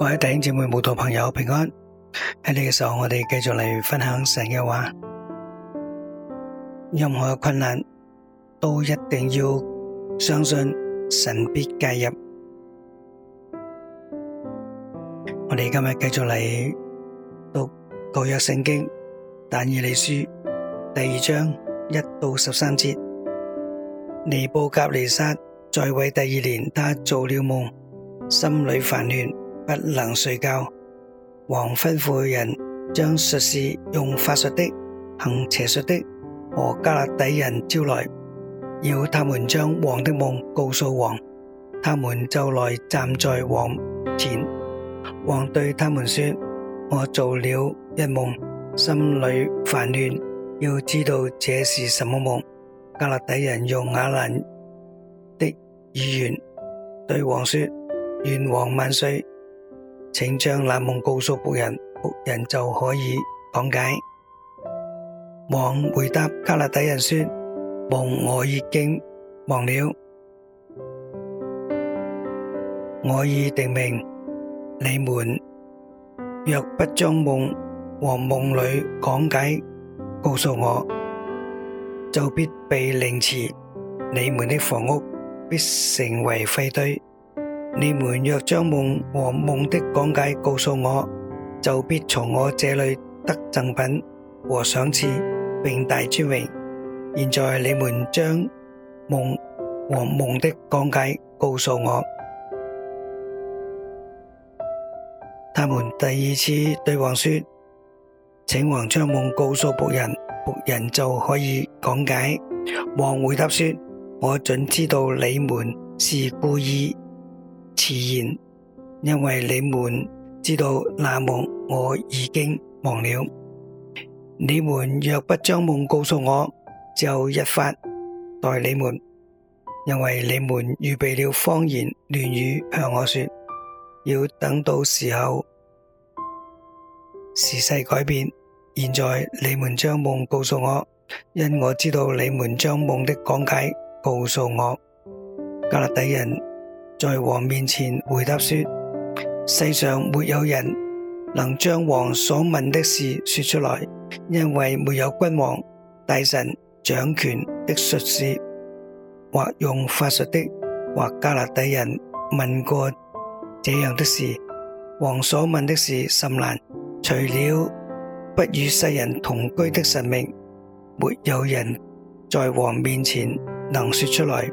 我哋弟兄姐妹、慕道朋友平安。喺呢個時候，我哋繼續嚟分享神嘅話。任何嘅困難都一定要相信神必介入。我哋今日繼續嚟讀舊約聖經但以理書第二章一到十三節。尼布甲尼撒在位第二年，他做了夢，心裏煩亂。不能睡覺，王吩咐人將術士、用法術的、行邪術的和加勒底人招來，要他們將王的夢告訴王。他們就來站在王前。王對他們說：我做了一夢，心裏煩亂，要知道這是什麼夢。加勒底人用亞蘭的語言對王說：願王萬歲！請將那夢告訴僕人，僕人就可以講解。王回答迦勒底人說：夢我已經忘了，我已定命。你們若不將夢和夢裏講解告訴我，就必被凌遲，你們的房屋必成為廢堆。你們若將夢和夢的講解告訴我，就必從我這裏得贈品和賞賜，並大尊榮。現在你們將夢和夢的講解告訴我。他們第二次對王說：請王將夢告訴僕人，僕人就可以講解。王回答說：我準知道你們是故意。自然，因為你們知道那夢我已經忘了。你們若不將夢告訴我，就一發待你們，因為你們預備了謊言亂語向我說，要等到時候時勢改變。現在你們將夢告訴我，因我知道你們將夢的講解告訴我，加勒底人。在王面前回答說：世上沒有人能將王所問的事說出來，因為沒有君王、大臣掌權的術士，或用法術的，或加勒底人問過這樣的事。王所問的事甚難，除了不與世人同居的神明，沒有人在王面前能說出來。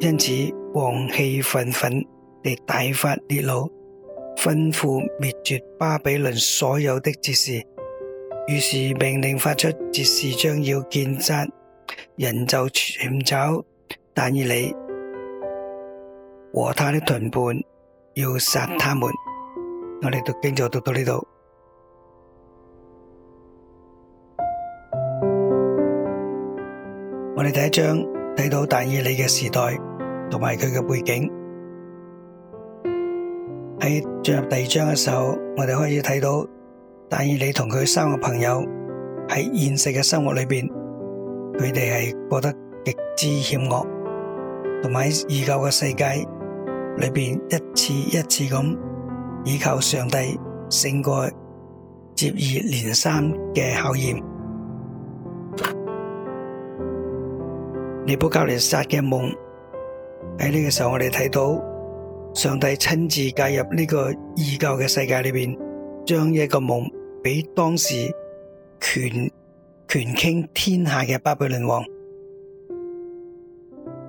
因此。王氣忿忿地大發烈怒，吩咐滅絕巴比倫所有的哲士，於是命令發出，哲士將要見殺，人就尋找但以理，和他的同伴要殺他們。我哋讀經就讀到呢度。我哋第一章睇到但以理嘅時代，同埋佢嘅背景，喺進入第二章嘅時候，我哋可以睇到但以理同佢三個朋友喺現實嘅生活裏邊，佢哋係過得極之險惡，同埋喺異教嘅世界裏邊一次一次咁倚靠上帝勝過接二連三嘅考驗。尼布甲尼撒嘅夢。喺呢個時候，我哋睇到上帝親自介入呢個異教嘅世界裏邊，將一個夢俾當時權權傾天下嘅巴比倫王。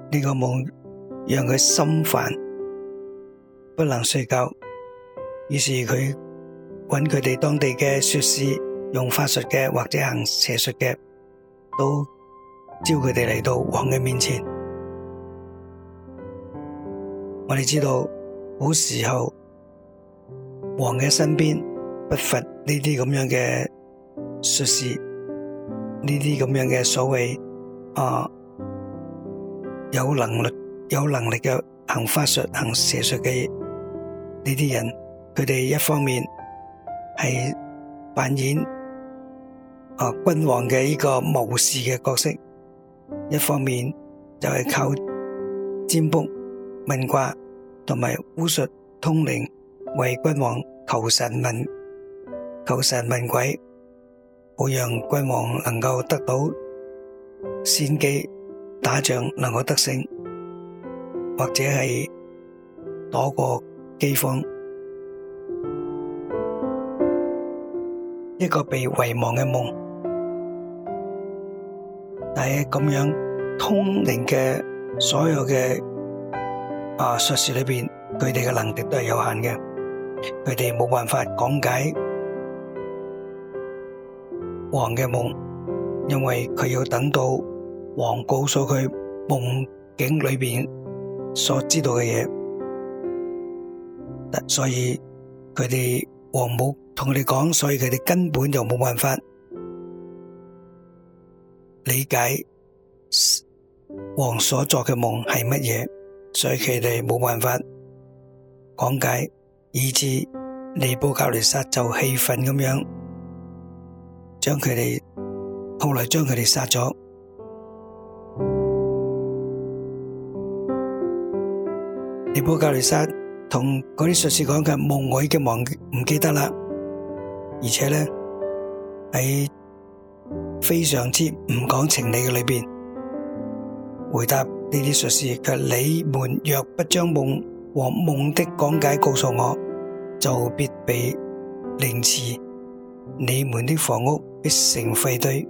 呢個夢讓佢心煩，不能睡覺，於是佢揾佢哋當地嘅術士，用法術嘅或者行邪術嘅，都召佢哋嚟到王嘅面前。我哋知道，古時候王嘅身邊不乏呢啲咁樣嘅術士，呢啲咁樣嘅所謂啊有能力有能力嘅行法術、行邪術嘅呢啲人，佢哋一方面係扮演啊君王嘅呢個謀士嘅角色，一方面就係靠占卜問卦。同埋巫術通靈，為君王求神問，求神問鬼，好讓君王能夠得到先機，打仗能夠得勝，或者係躲過饑荒。一個被遺忘嘅夢，但係咁樣通靈嘅所有嘅。啊！術士裏邊，佢哋嘅能力都係有限嘅，佢哋冇辦法講解王嘅夢，因為佢要等到王告訴佢夢境裏邊所知道嘅嘢，所以佢哋王冇同佢哋講，所以佢哋根本就冇辦法理解王所作嘅夢係乜嘢。所以佢哋冇辦法講解，以致尼布甲尼撒就氣憤咁樣，將佢哋後來將佢哋殺咗。尼布甲尼撒同嗰啲術士講嘅夢，我已經忘記唔記得啦。而且咧喺非常之唔講情理嘅裏邊回答。呢啲術士，佢你們若不將夢和夢的講解告訴我，就必被凌遲。你們的房屋必成廢堆。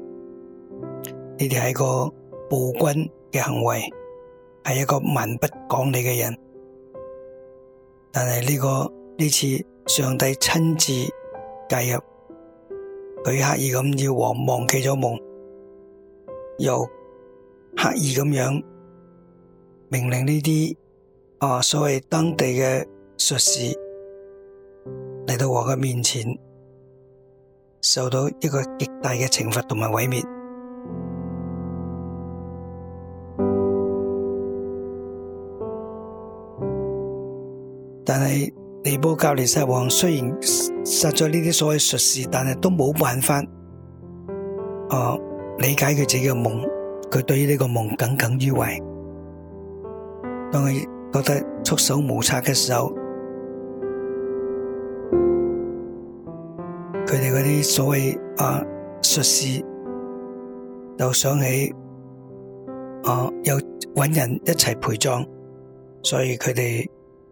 你哋係個暴君嘅行為，係一個蠻不講理嘅人。但係呢、這個呢次上帝親自介入，佢刻意咁要王忘記咗夢，又刻意咁樣。命令呢啲啊，所謂當地嘅術士嚟到我嘅面前，受到一個極大嘅懲罰同埋毀滅。但係尼布甲尼撒王雖然殺咗呢啲所謂術士，但係都冇辦法啊，理解佢自己嘅夢，佢對於呢個夢耿耿於懷。當佢覺得束手無策嘅時候，佢哋嗰啲所謂啊術士就想起啊又搵人一齊陪葬，所以佢哋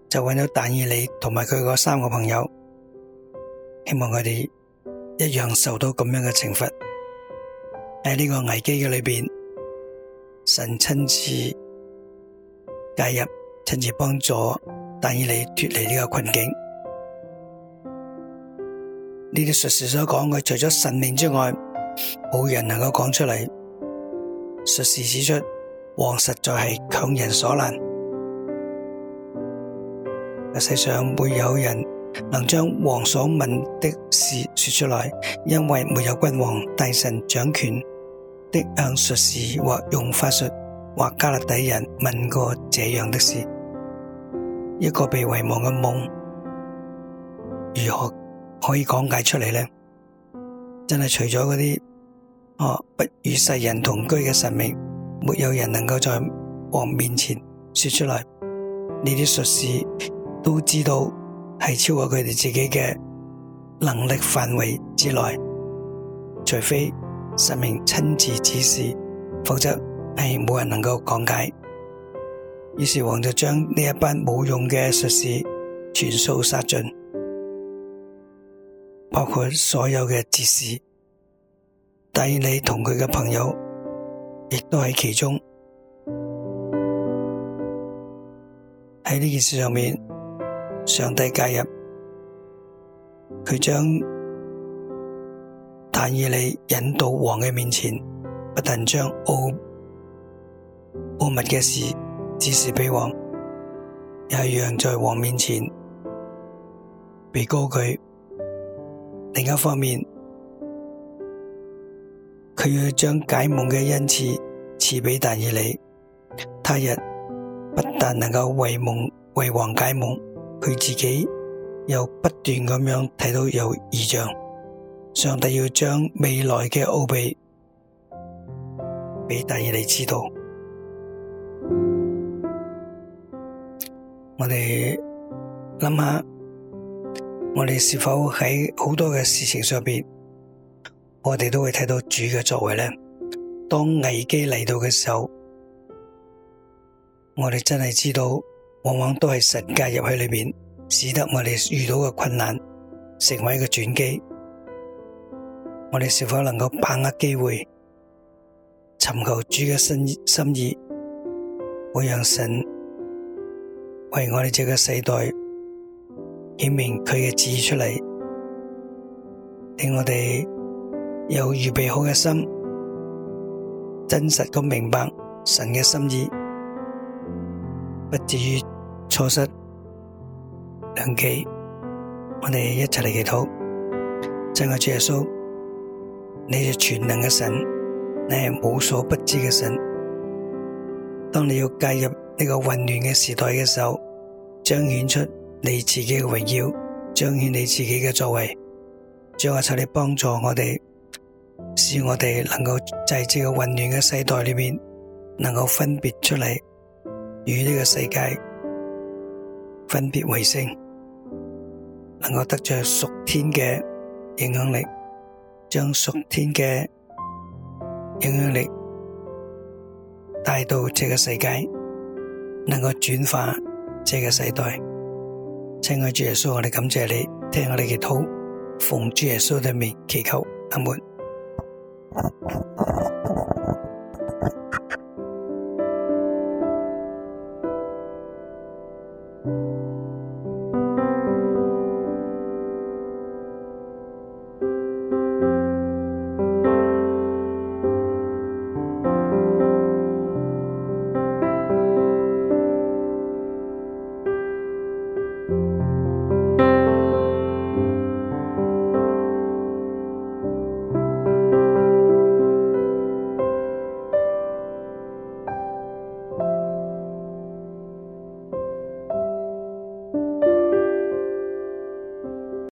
就搵咗但以理同埋佢嗰三個朋友，希望佢哋一樣受到咁樣嘅懲罰。喺呢個危機嘅裏邊，神親自介入，親自幫助但以理脫離呢個困境。呢啲術士所講嘅，除咗神明之外，冇人能夠講出嚟。術士指出，王實在係強人所難。世上沒有人能將王所問的事說出來，因為沒有君王、大臣掌權的向術士或用法術。或加勒底人問過這樣的事：一個被遺忘嘅夢，如何可以講解出嚟呢？真係除咗嗰啲哦，不與世人同居嘅神明，沒有人能夠在王面前說出來。呢啲術士都知道係超過佢哋自己嘅能力範圍之內，除非神明親自指示，否則。係冇人能夠講解，於是王就將呢一班冇用嘅術士全數殺盡，包括所有嘅哲士。但以理同佢嘅朋友亦都喺其中。喺呢件事上面，上帝介入，佢將但以理引到王嘅面前，不但將奧。奧密嘅事，只是俾王，又係讓在王面前被告佢。另一方面，佢要將解夢嘅恩賜賜俾大以利。他日不但能夠為夢為王解夢，佢自己又不斷咁樣睇到有異象。上帝要將未來嘅奧秘俾大以利知道。我哋諗下，我哋是否喺好多嘅事情上邊，我哋都會睇到主嘅作為呢？當危機嚟到嘅時候，我哋真係知道，往往都係神介入喺裏邊，使得我哋遇到嘅困難成為一個轉機。我哋是否能夠把握機會，尋求主嘅心意，會讓神？為我哋這個世代顯明佢嘅旨意出嚟，令我哋有預備好嘅心，真實咁明白神嘅心意，不至於錯失良機。我哋一齊嚟祈禱，真愛主耶穌，你係全能嘅神，你係無所不知嘅神。當你要介入。呢個混亂嘅時代嘅時候，彰顯出你自己嘅榮耀，彰顯你自己嘅作為。將我求你幫助我哋，使我哋能夠在這個混亂嘅世代裏面，能夠分別出嚟，與呢個世界分別為聖，能夠得着屬天嘅影響力，將屬天嘅影響力帶到這個世界。能夠轉化這個世代，親愛主耶穌，我哋感謝你，聽我哋嘅禱，奉主耶穌嘅名祈求，阿門。